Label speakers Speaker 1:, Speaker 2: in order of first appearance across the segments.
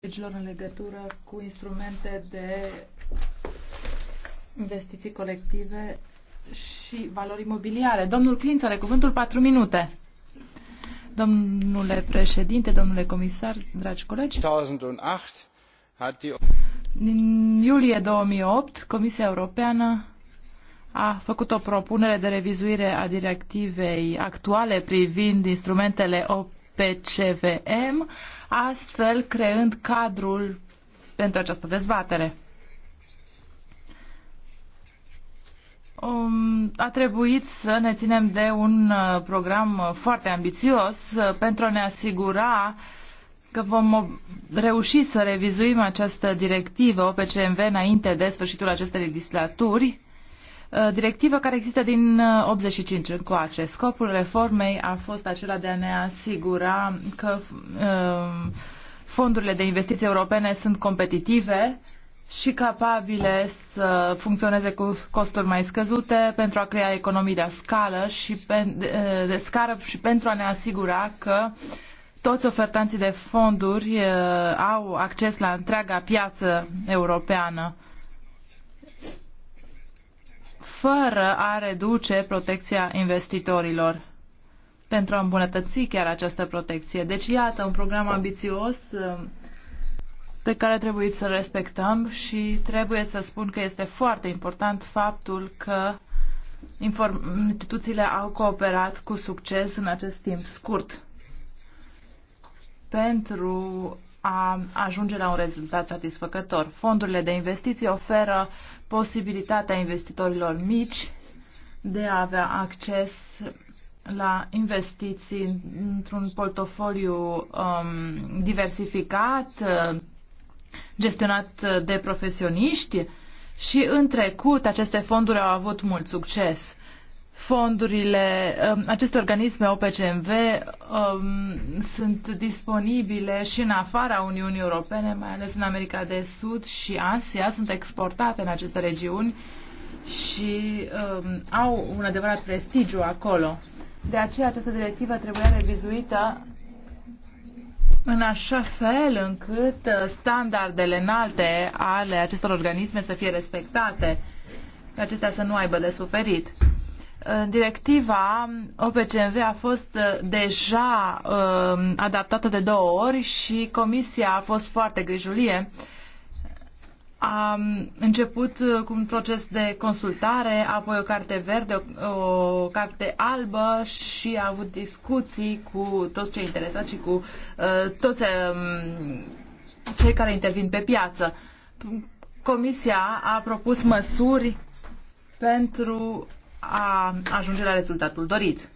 Speaker 1: legilor în legătură cu instrumente de investiții colective și valori imobiliare. Domnul Clinț are cuvântul 4 minute. Domnule președinte, domnule comisar, dragi colegi, din iulie 2008, Comisia Europeană a făcut o propunere de revizuire a directivei actuale privind instrumentele op pe CVM, astfel creând cadrul pentru această dezbatere. Um, a trebuit să ne ținem de un uh, program uh, foarte ambițios uh, pentru a ne asigura că vom reuși să revizuim această directivă OPCMV înainte de sfârșitul acestei legislaturi Uh, directivă care există din 85 uh, încoace. Scopul reformei a fost acela de a ne asigura că uh, fondurile de investiții europene sunt competitive și capabile să funcționeze cu costuri mai scăzute pentru a crea economii de scală și pe, de scară și pentru a ne asigura că toți ofertanții de fonduri au acces la întreaga piață europeană fără a reduce protecția investitorilor pentru a îmbunătăți chiar această protecție. Deci, iată, un program ambițios um, pe care trebuie să respectăm și trebuie să spun că este foarte important faptul că instituțiile au cooperat cu succes în acest timp scurt pentru a ajunge la un rezultat satisfăcător. Fondurile de investiții oferă posibilitatea investitorilor mici de a avea acces la investiții într-un portofoliu um, diversificat, gestionat de profesioniști și în trecut aceste fonduri au avut mult succes fondurile, um, aceste organisme OPCMV um, sunt disponibile și în afara Uniunii Europene, mai ales în America de Sud și Asia, sunt exportate în aceste regiuni și um, au un adevărat prestigiu acolo. De aceea această directivă trebuia revizuită în așa fel încât uh, standardele înalte ale acestor organisme să fie respectate, acestea să nu aibă de suferit. Directiva OPCMV a fost uh, deja uh, adaptată de două ori și Comisia a fost foarte grijulie. A început uh, cu un proces de consultare, apoi o carte verde, o, o carte albă și a avut discuții cu toți cei interesați și cu uh, toți um, cei care intervin pe piață. Comisia a propus măsuri pentru a ajunge la rezultatul dorit.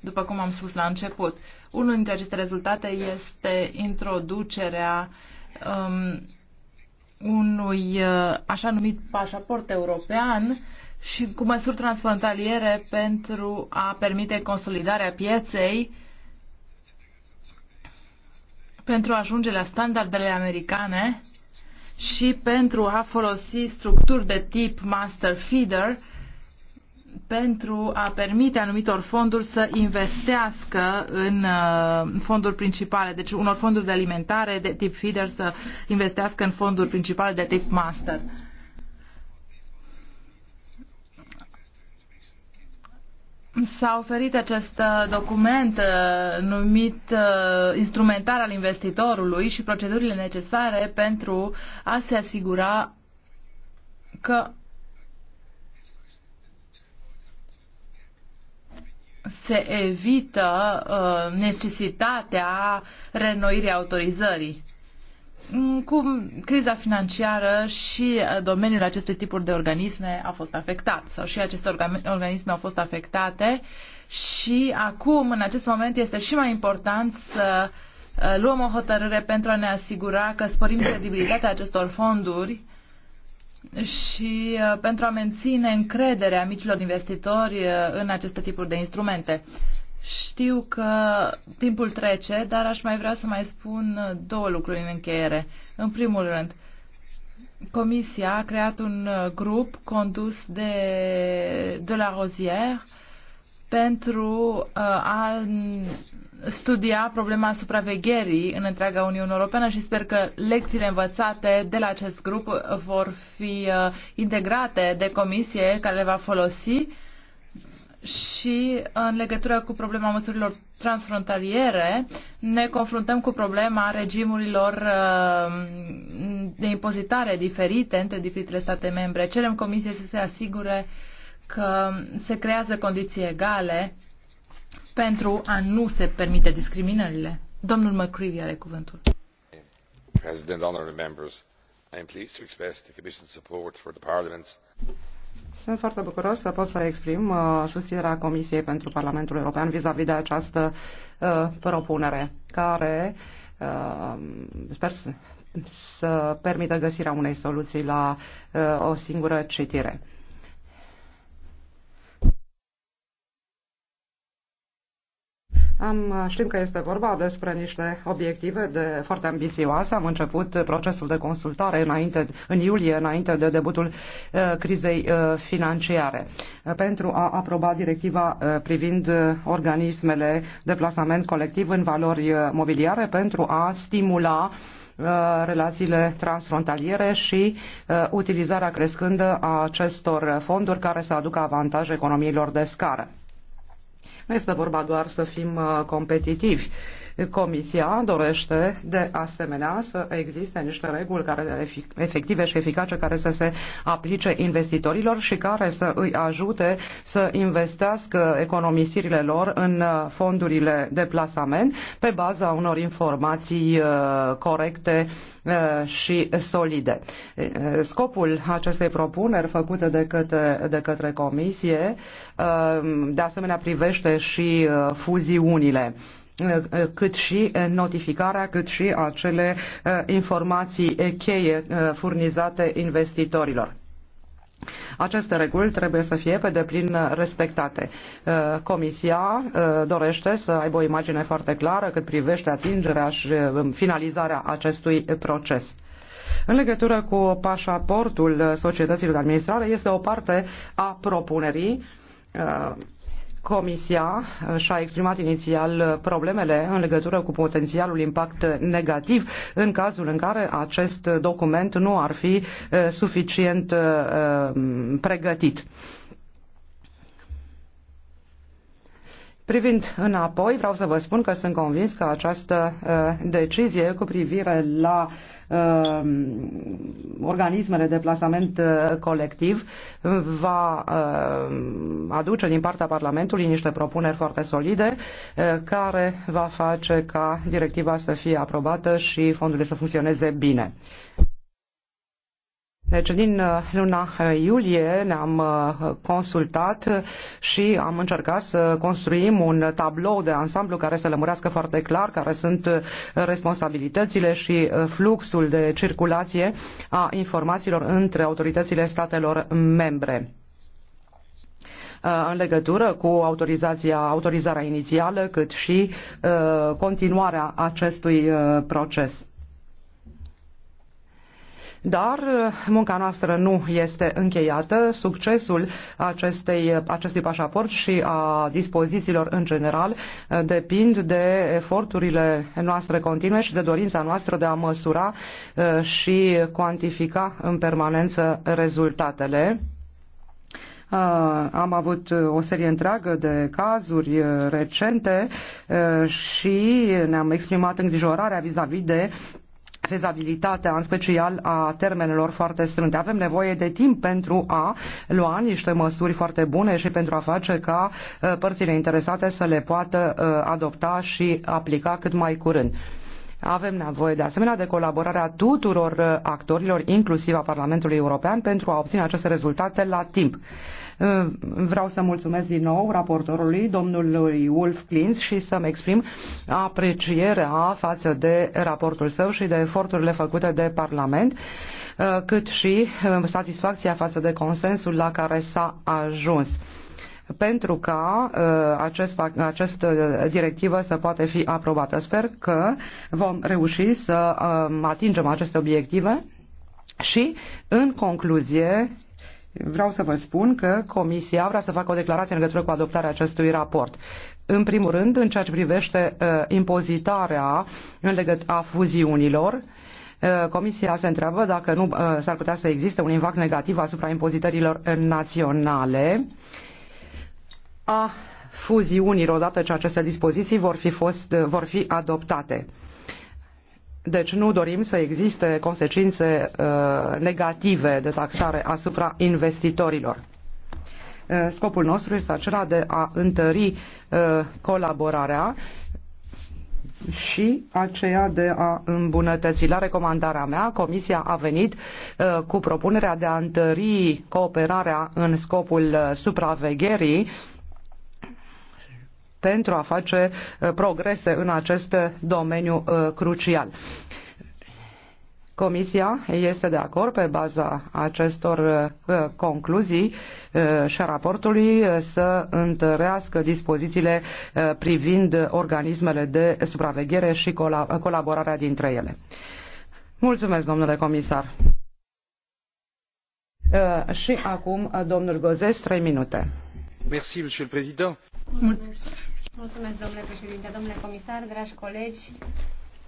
Speaker 1: După cum am spus la început, unul dintre aceste rezultate este introducerea um, unui uh, așa numit pașaport european și cu măsuri transfrontaliere pentru a permite consolidarea pieței pentru a ajunge la standardele americane și pentru a folosi structuri de tip master feeder pentru a permite anumitor fonduri să investească în uh, fonduri principale, deci unor fonduri de alimentare de tip feeder să investească în fonduri principale de tip master. S-a oferit acest uh, document uh, numit instrumentar al investitorului și procedurile necesare pentru a se asigura că se evită uh, necesitatea renoirii autorizării. Mm, cu criza financiară și uh, domeniul acestui tipuri de organisme a fost afectat sau și aceste organisme au fost afectate și acum, în acest moment, este și mai important să uh, luăm o hotărâre pentru a ne asigura că sporim credibilitatea acestor fonduri uh, și uh, pentru a menține încrederea micilor investitori uh, în aceste tipuri de instrumente. Știu că timpul trece, dar aș mai vrea să mai spun uh, două lucruri în încheiere. În primul rând, Comisia a creat un grup condus de, de la Rosière pentru uh, a studia problema supravegherii în întreaga Uniune Europeană și sper că lecțiile învățate de la acest grup vor fi uh, integrate de comisie care le va folosi și uh, în legătură cu problema măsurilor transfrontaliere ne confruntăm cu problema regimurilor de impozitare diferite între diferitele state membre. Cerem comisie să se asigure uh, că se creează condiții egale pentru a nu se permite discriminările. Domnul McCreevy are cuvântul.
Speaker 2: President, honorable members, I am pleased to express the Commission's support for the Parliament's
Speaker 3: sunt foarte bucuros să pot să exprim uh, susținerea Comisiei pentru Parlamentul European vis-a-vis -vis de această uh, propunere, care uh, sper să, să permită găsirea unei soluții la uh, o singură citire. Am, știm că este vorba despre niște obiective de, foarte ambițioase. Am început procesul de consultare înainte, în iulie, înainte de debutul uh, crizei uh, financiare, uh, pentru a aproba directiva uh, privind uh, organismele de plasament colectiv în valori uh, mobiliare pentru a stimula relațiile transfrontaliere și utilizarea crescândă a acestor fonduri care să aducă avantaje economiilor de scară. Nu este vorba doar să fim uh, competitivi Comisia dorește de asemenea să existe niște reguli care, efective și eficace care să se aplice investitorilor și care să îi ajute să investească economisirile lor în uh, fondurile de plasament pe baza unor informații uh, corecte uh, și solide. Scopul acestei propuneri făcute de către, de către Comisie de asemenea privește și fuziunile Eh, cât și eh, notificarea, cât și acele eh, informații cheie furnizate investitorilor. Aceste reguli trebuie să fie pe deplin respectate. Comisia dorește să aibă o imagine foarte clară cât privește atingerea și finalizarea acestui proces. În legătură cu pașaportul societăților de administrare, este o parte a propunerii Comisia uh, și-a exprimat inițial uh, problemele în legătură cu potențialul impact negativ în cazul în care acest document nu ar fi uh, suficient um, pregătit. Privind înapoi, vreau să vă spun că sunt convins că această decizie cu privire la uh, uh, organismele de plasament uh, colectiv va uh, aduce din partea Parlamentului niște propuneri foarte solide uh, care va face ca directiva să fie aprobată și fondurile să funcționeze bine. Deci din uh, luna uh, iulie ne-am uh, consultat și am încercat să construim un tablou de ansamblu care să lămurească foarte clar care sunt responsabilitățile și fluxul de circulație a informațiilor între autoritățile statelor membre în legătură cu autorizația, autorizarea inițială, cât și continuarea acestui proces. Dar uh, munca noastră nu este încheiată. Succesul acestei, acestui pașaport și a dispozițiilor în general uh, depind de eforturile noastre continue și de dorința noastră de a măsura uh, și cuantifica în permanență rezultatele. Am avut o serie întreagă de cazuri recente și ne-am exprimat îngrijorarea vis-a-vis -vis de fezabilitatea, în special a termenelor foarte strânte. Avem nevoie de timp pentru a lua niște măsuri foarte bune și pentru a face ca uh, părțile interesate să le poată uh, adopta și aplica cât mai curând. Avem nevoie de asemenea de colaborarea tuturor uh, actorilor, inclusiv a Parlamentului European, pentru a obține aceste rezultate la timp. Eh, vreau să mulțumesc din nou raportorului, domnului Wolf Klins, și să-mi exprim aprecierea față de raportul său și de eforturile făcute de Parlament eh, cât și eh, satisfacția față de consensul la care s-a ajuns pentru ca această acest, această directivă să poate fi aprobată. Sper că vom reuși să atingem aceste obiective și, în concluzie, Vreau să vă spun că Comisia vrea să facă o declarație în legătură cu adoptarea acestui raport. În primul rând, în ceea ce privește uh, impozitarea în legăt- a fuziunilor, uh, Comisia se întreabă dacă nu uh, s-ar putea să existe un impact negativ asupra impozitărilor naționale a fuziunilor odată ce aceste dispoziții vor fi, fost, uh, vor fi adoptate. Deci nu dorim să existe consecințe uh, negative de taxare asupra investitorilor. Uh, scopul nostru este acela de a întări uh, colaborarea și aceea de a îmbunătăți. La recomandarea mea, Comisia a venit uh, cu propunerea de a întări cooperarea în scopul uh, supravegherii pentru a face uh, progrese în acest domeniu uh, crucial. Comisia este de acord pe baza acestor uh, concluzii și a raportului să întărească dispozițiile privind organismele de supraveghere și colaborarea dintre ele. Mulțumesc, domnule comisar. Și acum, domnul Gozes, trei minute. Mulțumesc, domnule președinte.
Speaker 2: Mulțumesc, domnule președinte, domnule comisar, dragi colegi.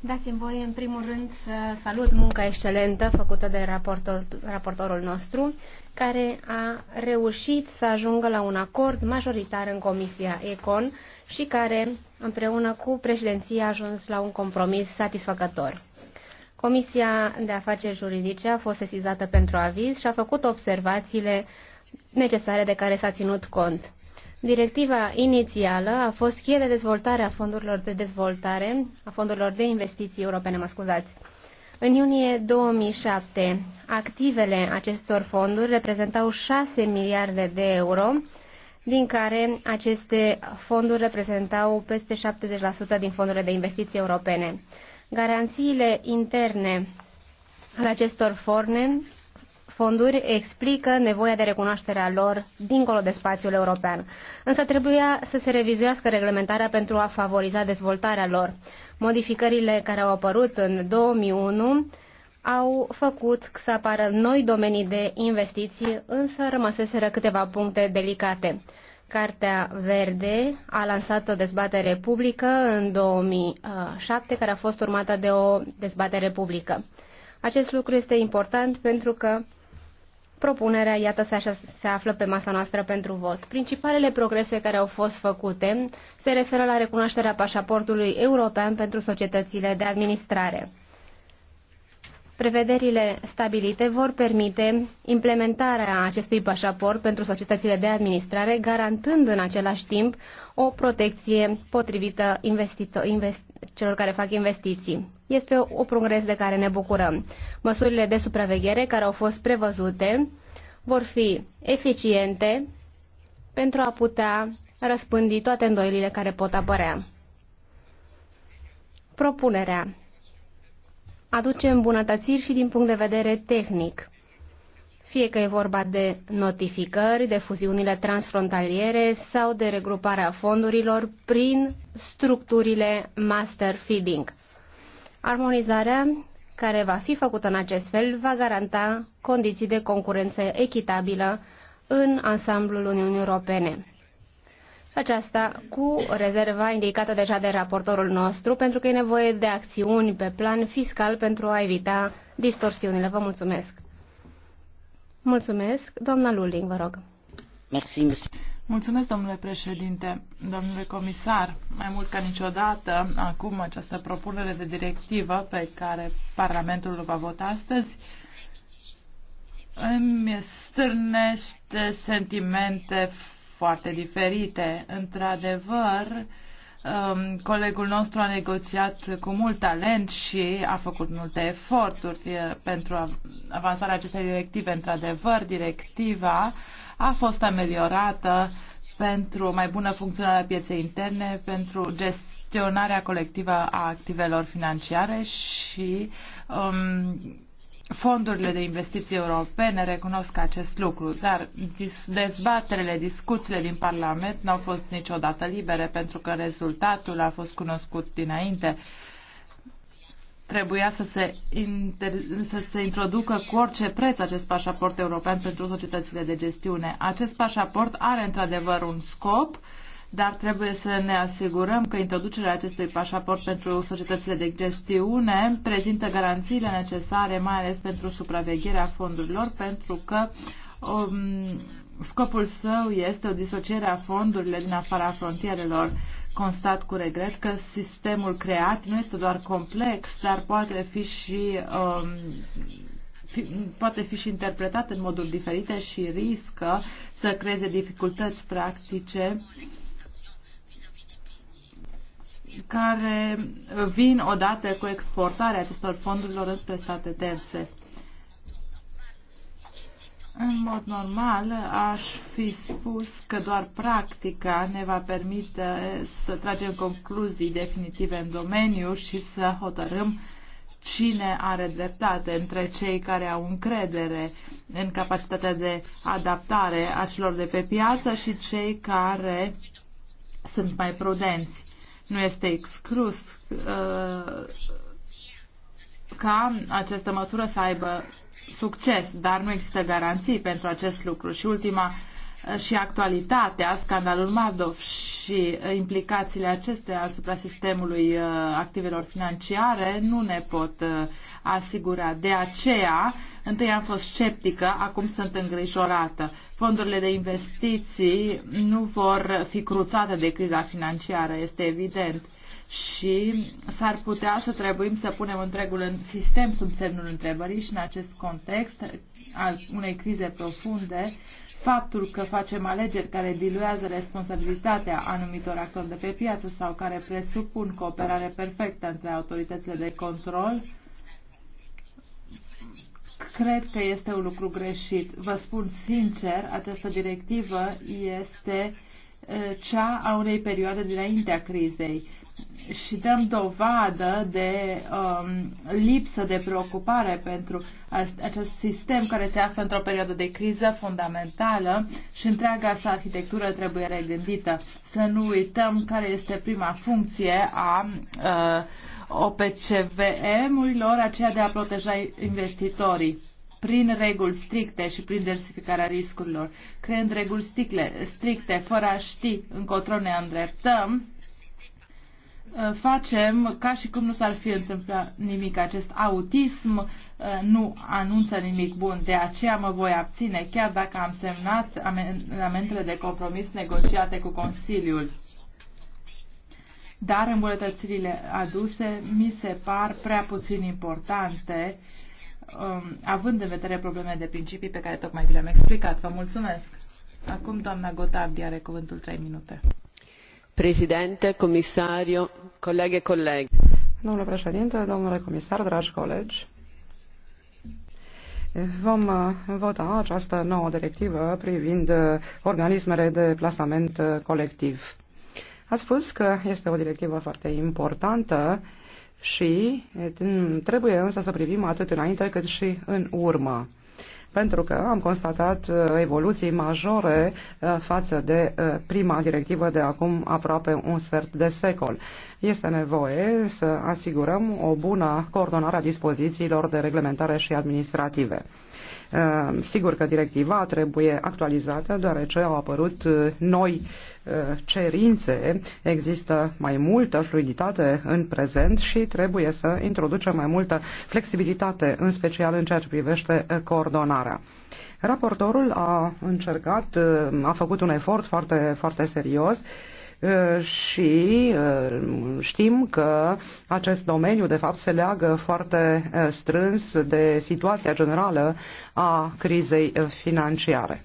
Speaker 2: Dați-mi voi, în primul rând, să salut munca excelentă făcută de raportor, raportorul nostru, care a reușit să ajungă la un acord majoritar în Comisia ECON și care, împreună cu președinția, a ajuns la un compromis satisfăcător. Comisia de Afaceri Juridice a fost sesizată pentru aviz și a făcut observațiile necesare de care s-a ținut cont. Directiva inițială a fost cheie de dezvoltare a fondurilor de dezvoltare, a fondurilor de investiții europene, mă scuzați. În iunie 2007, activele acestor fonduri reprezentau 6 miliarde de euro, din care aceste fonduri reprezentau peste 70% din fondurile de investiții europene. Garanțiile interne ale acestor forne fonduri explică nevoia de recunoaștere a lor dincolo de spațiul european. Însă trebuia să se revizuiască reglementarea pentru a favoriza dezvoltarea lor. Modificările care au apărut în 2001 au făcut să apară noi domenii de investiții, însă rămăseseră câteva puncte delicate. Cartea Verde a lansat o dezbatere publică în 2007, care a fost urmată de o dezbatere publică. Acest lucru este important pentru că Propunerea, iată, se, așa, se află pe masa noastră pentru vot. Principalele progrese care au fost făcute se referă la recunoașterea pașaportului european pentru societățile de administrare. Prevederile stabilite vor permite implementarea acestui pașaport pentru societățile de administrare, garantând în același timp o protecție potrivită investitorilor celor care fac investiții. Este o progres de care ne bucurăm. Măsurile de supraveghere care au fost prevăzute vor fi eficiente pentru a putea răspândi toate îndoielile care pot apărea. Propunerea aduce îmbunătățiri și din punct de vedere tehnic fie că e vorba de notificări, de fuziunile transfrontaliere sau de regruparea fondurilor prin structurile master feeding. Armonizarea care va fi făcută în acest fel va garanta condiții de concurență echitabilă în ansamblul Uniunii Europene. Și aceasta cu rezerva indicată deja de raportorul nostru, pentru că e nevoie de acțiuni pe plan fiscal pentru a evita distorsiunile. Vă mulțumesc! Mulțumesc. Doamna Luling, vă rog. Merci,
Speaker 1: Mulțumesc, domnule președinte, domnule comisar. Mai mult ca niciodată, acum această propunere de directivă pe care Parlamentul va vota astăzi îmi stârnește sentimente foarte diferite. Într-adevăr, Um, colegul nostru a negociat cu mult talent și a făcut multe eforturi pentru avansarea acestei directive. Într-adevăr, directiva a fost ameliorată pentru mai bună funcționare a pieței interne, pentru gestionarea colectivă a activelor financiare și um, fondurile de investiții europene recunosc acest lucru, dar dezbaterele, discuțiile din Parlament nu au fost niciodată libere pentru că rezultatul a fost cunoscut dinainte. Trebuia să se, inter- să se introducă cu orice preț acest pașaport european pentru societățile de gestiune. Acest pașaport are într-adevăr un scop uh, dar trebuie să ne asigurăm că introducerea acestui pașaport pentru societățile de gestiune prezintă garanțiile necesare, mai ales pentru supravegherea fondurilor, pentru că um, scopul său este o disociere a fondurilor din afara frontierelor. Constat cu regret că sistemul creat nu este doar complex, dar poate fi și um, fi, poate fi și interpretat în moduri diferite și riscă să creeze dificultăți practice uh, care uh, vin odată cu exportarea acestor fondurilor înspre state terțe. În mod normal, aș fi spus că doar practica ne va permite să tragem concluzii definitive în domeniu și să hotărâm cine are dreptate între cei care au încredere în capacitatea de adaptare a celor de pe piață și cei care sunt mai prudenți nu este exclus uh, ca această măsură să aibă succes, dar nu există garanții pentru acest lucru. Și ultima și actualitatea, scandalul Madoff și uh, implicațiile acestea asupra sistemului uh, activelor financiare nu ne pot uh, asigura. De aceea, întâi am fost sceptică, acum sunt îngrijorată. Fondurile de investiții nu vor fi cruțate de criza financiară, este evident și s-ar putea să trebuim să punem întregul în sistem sub semnul întrebării și în acest context al unei crize profunde faptul că facem alegeri care diluează responsabilitatea anumitor actori de pe piață sau care presupun cooperare perfectă între autoritățile de control, cred că este un lucru greșit. Vă spun sincer, această directivă este uh, cea a unei perioade dinaintea crizei și dăm dovadă de um, lipsă de preocupare pentru acest sistem care se află într-o perioadă de criză fundamentală și întreaga sa arhitectură trebuie regândită. Să nu uităm care este prima funcție a uh, OPCVM-urilor, aceea de a proteja investitorii prin reguli stricte și prin diversificarea riscurilor, creând reguli stricte, fără a ști încotro ne îndreptăm, Uh, facem ca și cum nu s-ar fi întâmplat nimic. Acest autism uh, nu anunță nimic bun, de aceea mă voi abține, chiar dacă am semnat amendele de compromis negociate cu Consiliul. Dar îmbunătățirile aduse mi se par prea puțin importante, um, având în vedere probleme de principii pe care tocmai vi le-am explicat. Vă mulțumesc! Acum doamna Gotardi are cuvântul 3 minute președinte,
Speaker 3: colegi. Domnule președinte, domnule comisar, dragi colegi, Vom uh, vota această nouă directivă privind uh, organismele de plasament uh, colectiv. Ați spus că este o directivă foarte importantă și trebuie însă să privim atât înainte cât și în urmă pentru că am constatat uh, evoluții majore uh, față de uh, prima directivă de acum aproape un sfert de secol. Este nevoie să asigurăm o bună coordonare a dispozițiilor de reglementare și administrative. Ehm, sigur că directiva trebuie actualizată, deoarece au apărut eh, noi eh, cerințe, există mai multă fluiditate în prezent și trebuie să introducem mai multă flexibilitate, în special în ceea ce privește eh, coordonarea. Raportorul a încercat, a făcut un efort foarte, foarte serios și știm că acest domeniu de fapt se leagă foarte strâns de situația generală a crizei financiare.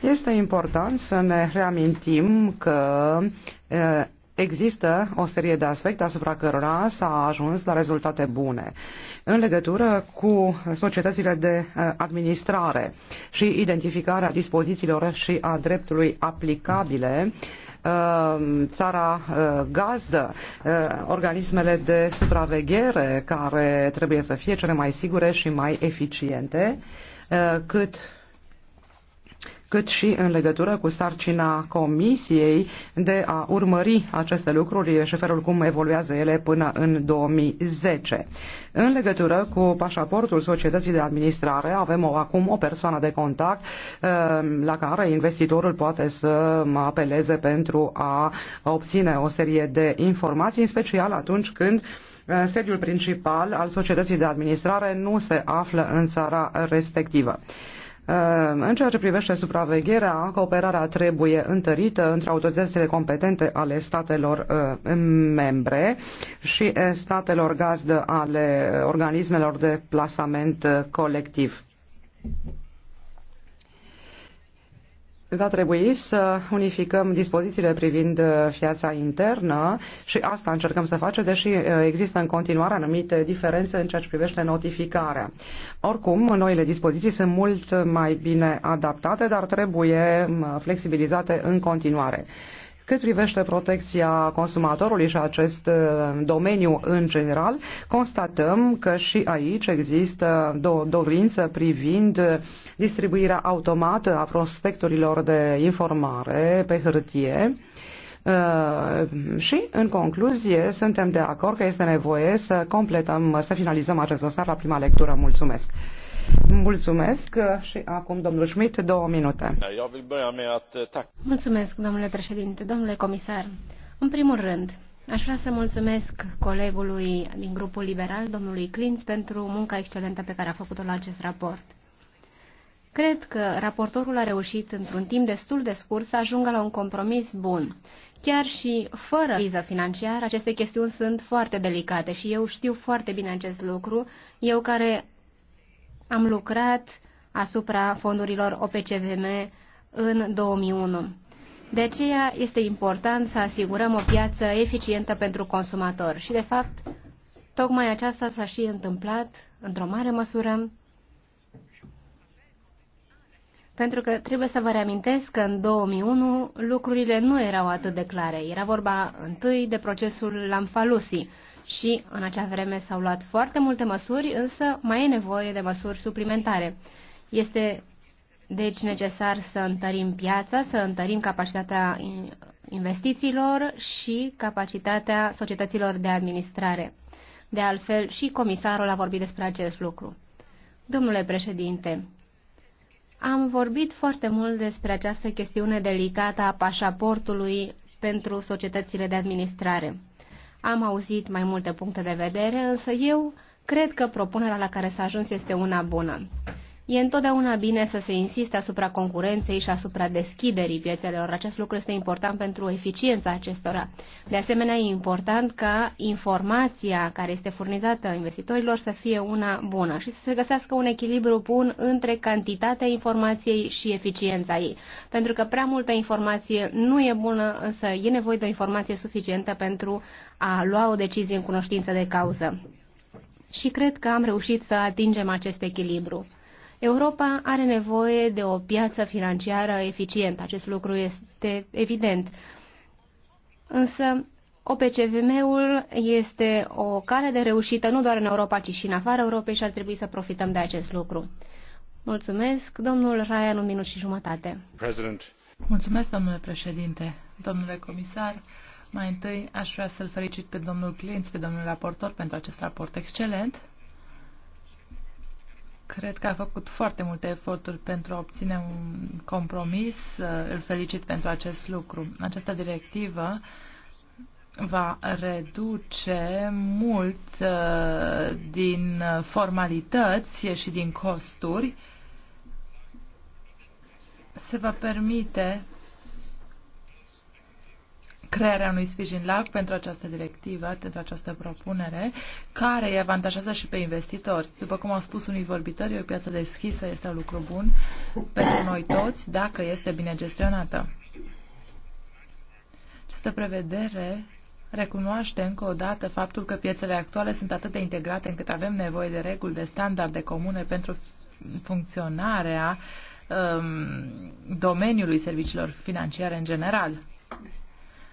Speaker 3: Este important să ne reamintim că există o serie de aspecte asupra cărora s-a ajuns la rezultate bune în legătură cu societățile de administrare și identificarea dispozițiilor și a dreptului aplicabile Ehm, țara eh, gazdă, eh, organismele de supraveghere care trebuie să fie cele mai sigure și mai eficiente, eh, cât cât și în legătură cu sarcina Comisiei de a urmări aceste lucruri și felul cum evoluează ele până în 2010. În legătură cu pașaportul societății de administrare, avem o, acum o persoană de contact ehm, la care investitorul poate să apeleze pentru a obține o serie de informații, în special atunci când sediul principal al societății de administrare nu se află în țara respectivă. Ehm, în ceea ce privește supravegherea, cooperarea trebuie întărită între autoritățile competente ale statelor ehm, membre și eh, statelor gazdă ale eh, organismelor de plasament eh, colectiv va trebui să unificăm dispozițiile privind piața uh, internă și asta încercăm să facem, deși uh, există în continuare anumite diferențe în ceea ce privește notificarea. Oricum, noile dispoziții sunt mult mai bine adaptate, dar trebuie uh, flexibilizate în continuare. Cât privește protecția consumatorului și acest uh, domeniu în general, constatăm că și aici există o dorință privind distribuirea automată a prospectorilor de informare pe hârtie, uh, și, în concluzie, suntem de acord că este nevoie să completăm, să finalizăm acest dosar la prima lectură. Mulțumesc! Mulțumesc uh, și acum domnul Schmidt, două minute. Eh,
Speaker 2: mulțumesc, domnule președinte, domnule comisar. În primul rând, aș vrea să mulțumesc colegului din grupul liberal, domnului Clinț, pentru munca excelentă pe care a făcut-o la acest raport. Cred că raportorul a reușit, într-un timp destul de scurt, să ajungă la un compromis bun. Chiar și fără criză financiară, aceste chestiuni sunt foarte delicate și eu știu foarte bine acest lucru, eu care am lucrat asupra fondurilor OPCVM în 2001. De aceea este important să asigurăm o piață eficientă pentru consumator și, de fapt, tocmai aceasta s-a și întâmplat într-o mare măsură pentru că trebuie să vă reamintesc că în 2001 lucrurile nu erau atât de clare. Era vorba întâi de procesul Lamfalusi, și în acea vreme s-au luat foarte multe măsuri, însă mai e nevoie de măsuri suplimentare. Este deci necesar să întărim piața, să întărim capacitatea investițiilor și capacitatea societăților de administrare. De altfel, și comisarul a vorbit despre acest lucru. Domnule președinte, am vorbit foarte mult despre această chestiune delicată a pașaportului pentru societățile de administrare. Am auzit mai multe puncte de vedere, însă eu cred că propunerea la care s-a ajuns este una bună. E întotdeauna bine să se insiste asupra concurenței și asupra deschiderii piețelor. Acest lucru este important pentru eficiența acestora. De asemenea, e important ca informația care este furnizată investitorilor să fie una bună și să se găsească un echilibru bun între cantitatea informației și eficiența ei. Pentru că prea multă informație nu e bună, însă e nevoie de o informație suficientă pentru a lua o decizie în cunoștință de cauză. Și cred că am reușit să atingem acest echilibru. Europa are nevoie de o piață financiară eficientă. Acest lucru este evident. Însă, OPCVM-ul este o cale de reușită nu doar în Europa, ci și în afara Europei și ar trebui să profităm de acest lucru. Mulțumesc, domnul Raian, un minut și jumătate. President. Mulțumesc,
Speaker 1: domnule președinte, domnule comisar. Mai întâi aș vrea să-l felicit pe domnul Clinț, pe domnul raportor pentru acest raport excelent Cred că a făcut foarte multe eforturi pentru a obține un compromis. Îl felicit pentru acest lucru. Această directivă va reduce mult uh, din formalități și din costuri. Se va permite crearea unui sprijin larg pentru această directivă, pentru această propunere, care îi avantajează și pe investitori. După cum au spus unii vorbitori, o piață deschisă este un lucru bun pentru noi toți, dacă este bine gestionată. Această prevedere recunoaște încă o dată faptul că piețele actuale sunt atât de integrate încât avem nevoie de reguli, de standarde comune pentru funcționarea um, domeniului serviciilor financiare în general.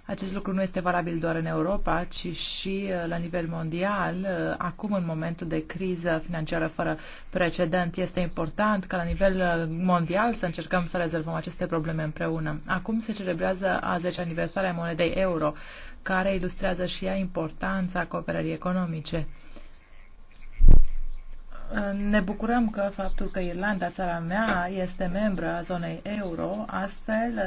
Speaker 1: Acest lucru nu este valabil doar în Europa, ci și uh, la nivel mondial. Uh, acum, în momentul de criză financiară fără precedent, este important ca la nivel uh, mondial să încercăm să rezolvăm aceste probleme împreună. Acum se celebrează a 10 aniversarea monedei euro, care ilustrează și ea importanța cooperării economice. Ne bucurăm că faptul că Irlanda, țara mea, este membră a zonei euro, astfel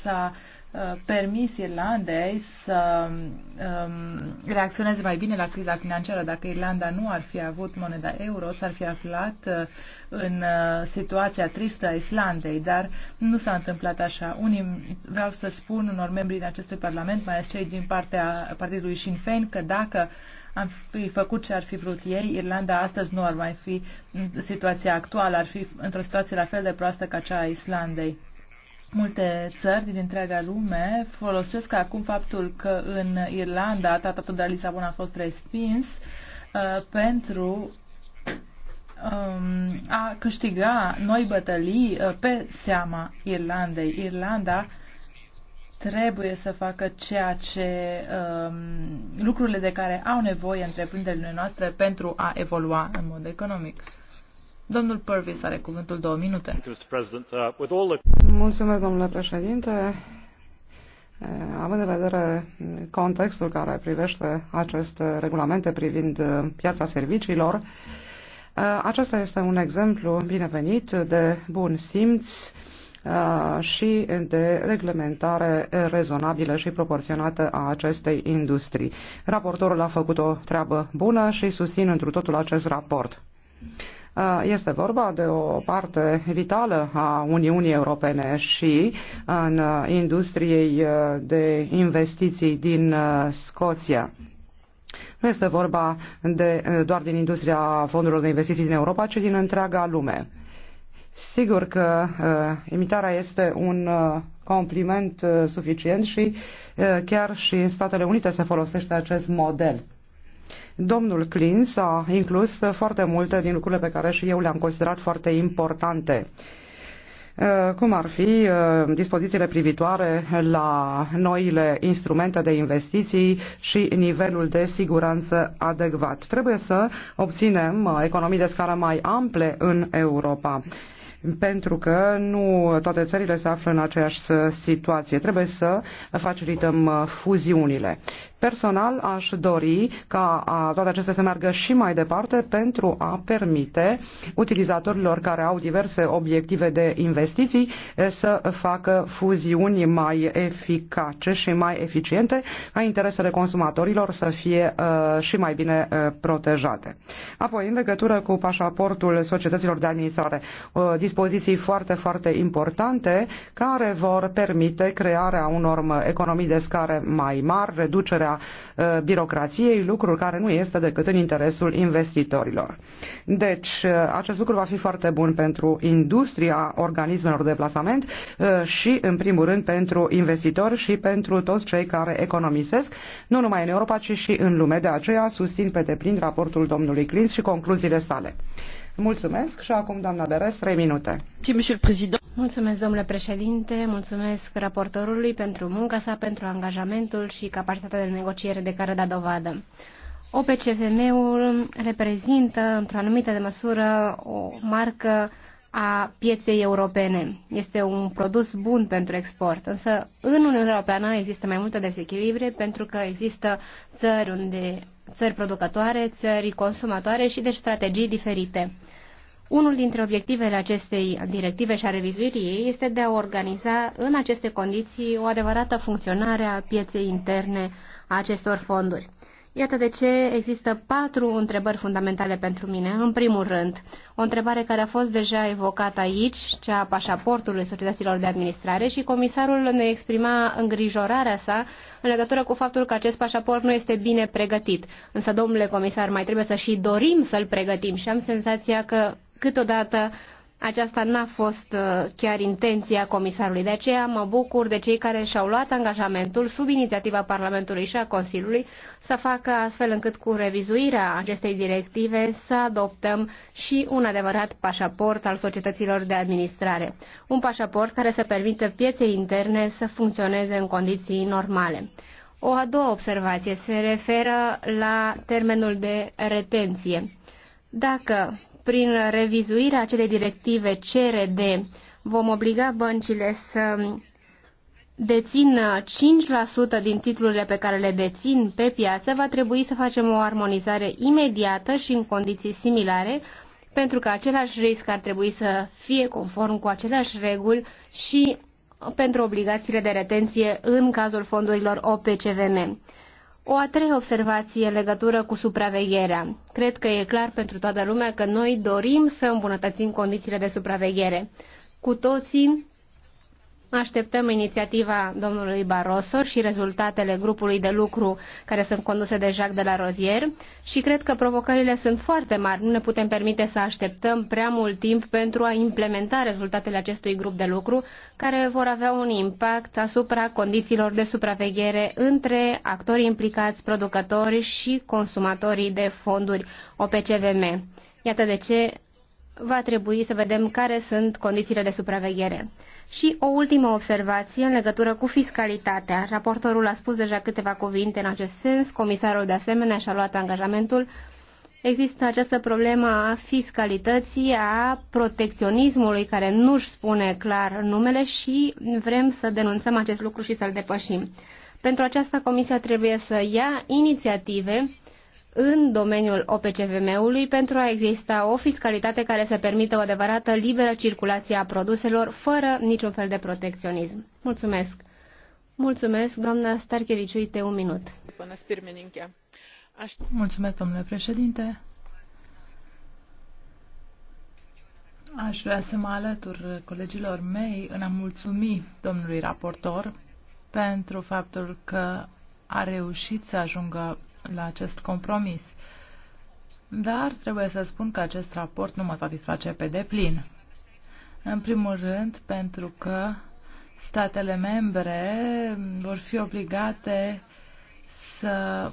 Speaker 1: s-a uh, Uh, permis Irlandei să um, reacționeze mai bine la criza financiară. Dacă Irlanda nu ar fi avut moneda euro, s-ar fi aflat uh, în uh, situația tristă a Islandei, dar nu s-a întâmplat așa. Unii vreau să spun unor membri din acestui Parlament, mai ales cei din partea partidului Sinn Féin, că dacă am fi făcut ce ar fi vrut ei, Irlanda astăzi nu ar mai fi în situația actuală, ar fi într-o situație la fel de proastă ca cea a Islandei Multe țări din întreaga lume folosesc acum faptul că în Irlanda tratatul de la Lisabona a fost respins uh, pentru um, a câștiga noi bătălii uh, pe seama Irlandei. Irlanda trebuie să facă ceea ce um, lucrurile de care au nevoie întreprinderile noastre pentru a evolua în mod economic. Domnul Purvis are cuvântul două minute.
Speaker 3: Uh, Mulțumesc, domnule președinte. Uh, având în vedere contextul care privește aceste regulamente privind uh, piața serviciilor, acesta este un exemplu binevenit de bun simț și de reglementare rezonabilă și proporționată a acestei industrii. Raportorul a făcut o treabă bună și susțin întru totul acest raport. Uh, este vorba de o parte vitală a Uniunii Europene și în industriei uh, de investiții din uh, Scoția. Nu este vorba de, doar din industria fondurilor de investiții din Europa, ci din întreaga lume. Sigur că uh, imitarea este un uh, compliment uh, suficient și uh, chiar și în Statele Unite se folosește acest model. Domnul Clins a inclus foarte multe din lucrurile pe care și eu le-am considerat foarte importante uh, cum ar fi uh, dispozițiile privitoare la noile instrumente de investiții și nivelul de siguranță adecvat. Trebuie să obținem uh, economii de scară mai ample în Europa pentru că nu toate țările se află în aceeași situație. Trebuie să facilităm fuziunile. Personal aș dori ca toate acestea să meargă și mai departe pentru a permite utilizatorilor care au diverse obiective de investiții să facă fuziuni mai eficace și mai eficiente a interesele consumatorilor să fie și mai bine protejate. Apoi, în legătură cu pașaportul societăților de administrare, dispoziții foarte, foarte importante care vor permite crearea unor economii de scară mai mari, reducerea creșterea uh, birocrației, lucru care nu este decât în interesul investitorilor. Deci, uh, acest lucru va fi foarte bun pentru industria organismelor de plasament uh, și, în primul rând, pentru investitori și pentru toți cei care economisesc, nu numai în Europa, ci și în lume. De aceea susțin pe deplin raportul domnului Clins și concluziile sale. Mulțumesc și acum, doamna Beres, trei minute.
Speaker 2: Mulțumesc, domnule președinte, mulțumesc raportorului pentru munca sa, pentru angajamentul și capacitatea de negociere de care da dovadă. opcfm ul reprezintă, într-o anumită de măsură, o marcă a pieței europene. Este un produs bun pentru export, însă în Uniunea Europeană există mai multe dezechilibre pentru că există țări unde țări producătoare, țări consumatoare și deci strategii diferite. Unul dintre obiectivele acestei directive și a revizuirii ei este de a organiza în aceste condiții o adevărată funcționare a pieței interne a acestor fonduri. Iată de ce există patru întrebări fundamentale pentru mine. În primul rând, o întrebare care a fost deja evocată aici, cea a pașaportului societăților de administrare și comisarul ne exprima îngrijorarea sa în legătură cu faptul că acest pașaport nu este bine pregătit. Însă, domnule comisar, mai trebuie să și dorim să-l pregătim și am senzația că câteodată aceasta n-a fost uh, chiar intenția comisarului. De aceea mă bucur de cei care și-au luat angajamentul sub inițiativa Parlamentului și a Consiliului să facă astfel încât cu revizuirea acestei directive să adoptăm și un adevărat pașaport al societăților de administrare. Un pașaport care să permită pieței interne să funcționeze în condiții normale. O a doua observație se referă la termenul de retenție. Dacă prin revizuirea acelei directive CRD vom obliga băncile să dețină 5% din titlurile pe care le dețin pe piață, va trebui să facem o armonizare imediată și în condiții similare, pentru că același risc ar trebui să fie conform cu aceleași reguli și pentru obligațiile de retenție în cazul fondurilor OPCVM. O a treia observație în legătură cu supravegherea. Cred că e clar pentru toată lumea că noi dorim să îmbunătățim condițiile de supraveghere. Cu toții Așteptăm inițiativa domnului Barroso și rezultatele grupului de lucru care sunt conduse de Jacques de la Rozier și cred că provocările sunt foarte mari. Nu ne putem permite să așteptăm prea mult timp pentru a implementa rezultatele acestui grup de lucru care vor avea un impact asupra condițiilor de supraveghere între actorii implicați, producători și consumatorii de fonduri OPCVM. Iată de ce va trebui să vedem care sunt condițiile de supraveghere. Și o ultimă observație în legătură cu fiscalitatea. Raportorul a spus deja câteva cuvinte în acest sens, comisarul de asemenea și-a luat angajamentul. Există această problemă a fiscalității, a protecționismului care nu-și spune clar numele și vrem să denunțăm acest lucru și să-l depășim. Pentru aceasta, Comisia trebuie să ia inițiative în domeniul OPCVM-ului pentru a exista o fiscalitate care să permită o adevărată liberă circulație a produselor fără niciun fel de protecționism. Mulțumesc! Mulțumesc, doamna Starchevici, uite un minut. Mulțumesc, domnule
Speaker 1: președinte. Aș vrea să mă alătur colegilor mei în a mulțumi domnului raportor pentru faptul că a reușit să ajungă la acest compromis. Dar trebuie să spun că acest raport nu mă satisface pe deplin. În primul rând, pentru că statele membre vor fi obligate să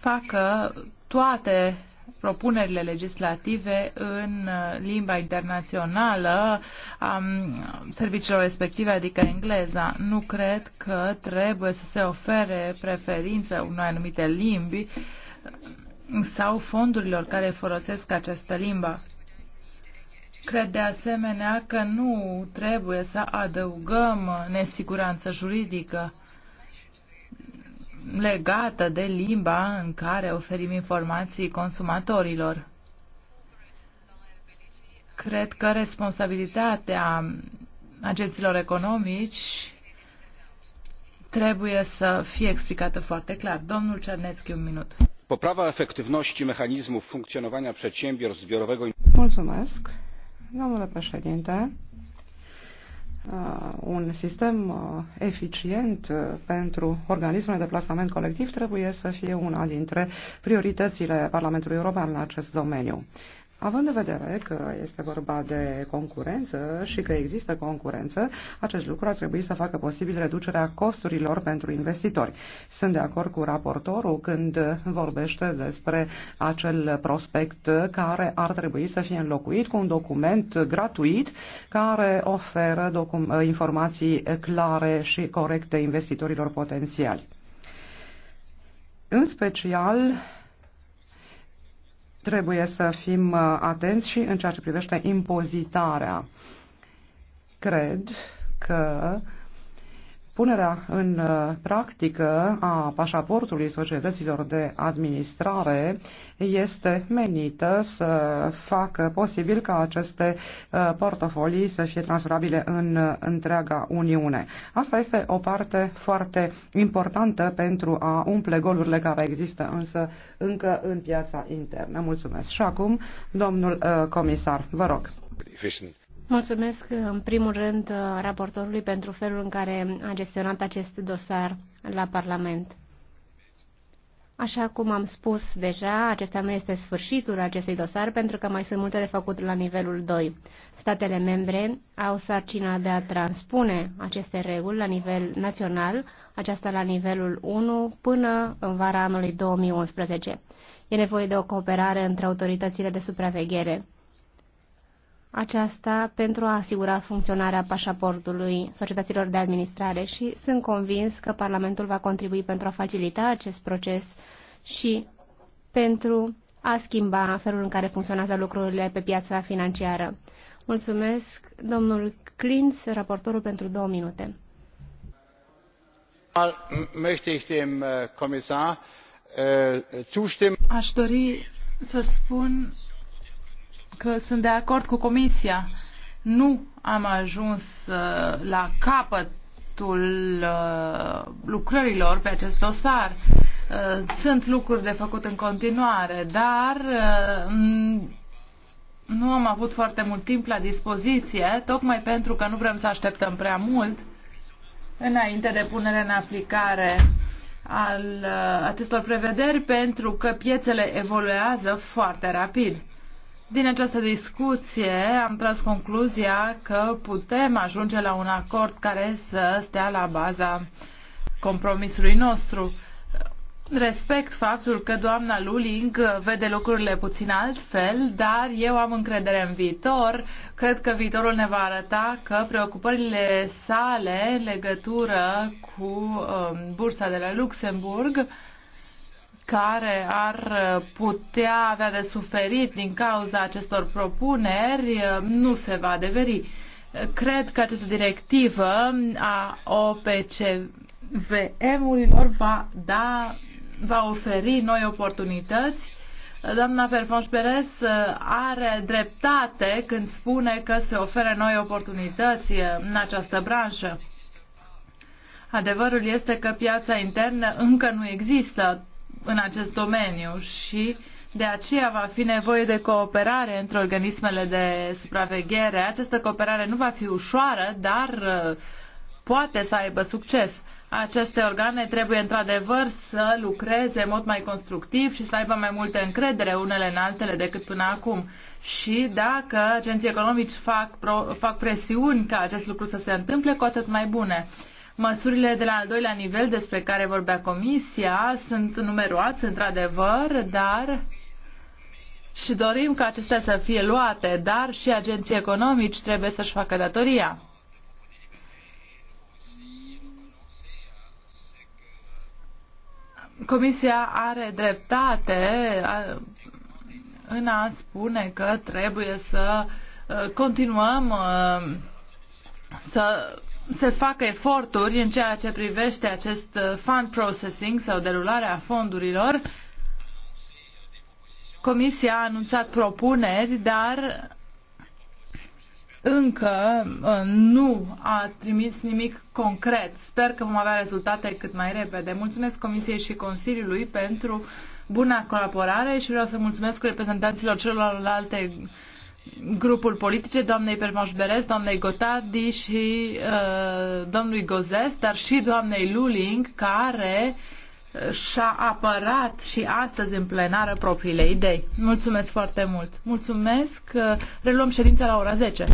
Speaker 1: facă toate propunerile legislative în uh, limba internațională a serviciilor respective, adică engleza. Nu cred că trebuie să se ofere preferință unor anumite limbi sau fondurilor care folosesc această limbă. Cred de asemenea că nu trebuie să adăugăm nesiguranță juridică legată de limba în care oferim informații consumatorilor. Cred că responsabilitatea agenților economici trebuie să fie explicată foarte clar. Domnul Cernetski, un minut.
Speaker 2: Poprava efektywności mecanismului funcționării przedsiębiorstw zbiorowego.
Speaker 3: Mulțumesc, domnule președinte. Uh, un sistem uh, eficient uh, pentru organismele de plasament colectiv trebuie să fie una dintre prioritățile Parlamentului European în acest domeniu. Având în vedere că este vorba de concurență și că există concurență, acest lucru ar trebui să facă posibil reducerea costurilor pentru investitori. Sunt de acord cu raportorul când vorbește despre acel prospect care ar trebui să fie înlocuit cu un document gratuit care oferă informații clare și corecte investitorilor potențiali. În special, Trebuie să fim uh, atenți și în ceea ce privește impozitarea. Cred că Punerea în uh, practică a pașaportului societăților de administrare este menită să facă posibil ca aceste uh, portofolii să fie transferabile în uh, întreaga Uniune. Asta este o parte foarte importantă pentru a umple golurile care există însă încă în piața internă. Mulțumesc. Și acum, domnul comisar, vă rog.
Speaker 2: Efficient. Mulțumesc în primul rând raportorului pentru felul în care a gestionat acest dosar la Parlament. Așa cum am spus deja, acesta nu este sfârșitul acestui dosar pentru că mai sunt multe de făcut la nivelul 2. Statele membre au sarcina de a transpune aceste reguli la nivel național, aceasta la nivelul 1 până în vara anului 2011. E nevoie de o cooperare între autoritățile de supraveghere aceasta pentru a asigura funcționarea pașaportului societăților de administrare și sunt convins că Parlamentul va contribui pentru a facilita acest proces și pentru a schimba felul în care funcționează lucrurile pe piața financiară. Mulțumesc, domnul Klintz, raportorul pentru două minute.
Speaker 1: Äh, äh, Aș dori să spun că sunt de acord cu Comisia. Nu am ajuns uh, la capătul uh, lucrărilor pe acest dosar. Uh, sunt lucruri de făcut în continuare, dar nu am avut foarte mult timp la dispoziție, tocmai pentru că nu vrem să așteptăm prea mult înainte de punerea în aplicare al acestor prevederi, pentru că piețele evoluează foarte rapid. Din această discuție am tras concluzia că putem ajunge la un acord care să stea la baza compromisului nostru. Respect faptul că doamna Luling vede lucrurile puțin altfel, dar eu am încredere în viitor. Cred că viitorul ne va arăta că preocupările sale în legătură cu um, bursa de la Luxemburg care ar putea avea de suferit din cauza acestor propuneri nu se va adeveri. Cred că această directivă a OPCVM-urilor va, da, va oferi noi oportunități Doamna Perfonș Perez are dreptate când spune că se oferă noi oportunități în această branșă. Adevărul este că piața internă încă nu există în acest domeniu și de aceea va fi nevoie de cooperare între organismele de supraveghere. Această cooperare nu va fi ușoară, dar uh, poate să aibă succes. Aceste organe trebuie într-adevăr să lucreze în mod mai constructiv și să aibă mai multă încredere unele în altele decât până acum. Și dacă agenții economici fac, pro, fac presiuni ca acest lucru să se întâmple, cu atât mai bune. Uh, Măsurile de la al doilea nivel despre care vorbea Comisia sunt numeroase, într-adevăr, dar și dorim ca acestea să fie luate, dar și agenții economici trebuie să-și facă datoria. Comisia are dreptate în a spune că trebuie să uh, continuăm uh, să se facă eforturi în ceea ce privește acest uh, fund processing sau derularea fondurilor. Comisia a anunțat propuneri, dar încă uh, nu a trimis nimic concret. Sper că vom avea rezultate cât mai repede. Mulțumesc Comisiei și Consiliului pentru buna colaborare și vreau să mulțumesc reprezentanților celorlalte grupul politice, doamnei Permoș Berez, doamnei Gotardi și uh, domnului Gozes, dar și doamnei Luling, care uh, și-a apărat și astăzi în plenară propriile idei. Mulțumesc foarte mult! Mulțumesc! Uh, reluăm ședința la ora 10.